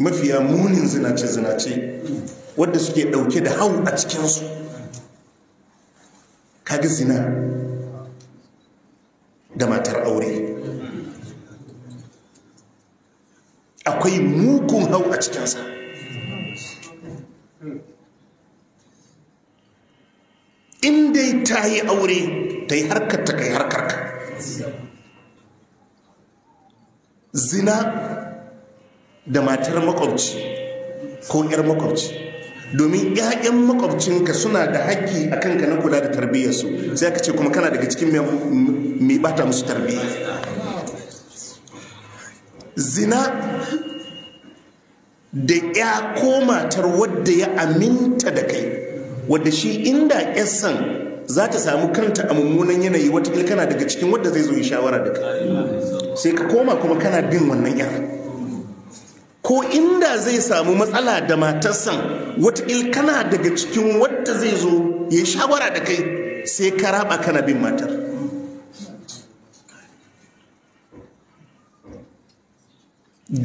mafiya munin zinace-zinace wadda suke ɗauke da hau a cikinsu kaga zina da matar aure akwai mukun hau a cikinsa in dai ta yi aure ta yi harkar ta kai harkar ka zina da matar makwabci ko 'yar makwabci domin 'ya'yan makwabcinka suna da haƙƙi a kanka na kula da tarbiyyarsu sai aka ce kuma kana daga cikin mai bata musu tarbiyya zina da ya ko matar wadda ya aminta da kai wadda shi inda yasan za ta samu kanta a mummunan yanayi wata kana daga cikin wadda zai zo yi shawara da kai sai ka koma kuma kana bin wannan 'yar ko inda zai samu matsala da matarsan wata kana daga cikin wadda zai zo ya shawara da kai sai ka raba kana bin matar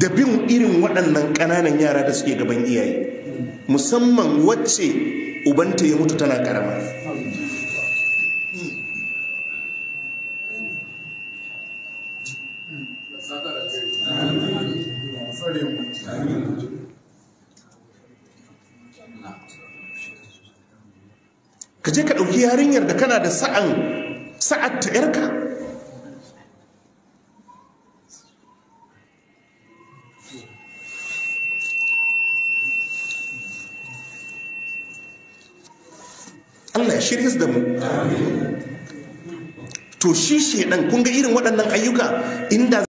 da bin irin waɗannan ƙananan yara da suke gaban iyaye musamman wacce ubanta ya mutu tana karama Amen. ka je ka ɗauki yarinyar da kana da sa'an sa'ad yarka Allah ya shirya da mu to shi shi kun ga irin waɗannan ayyuka inda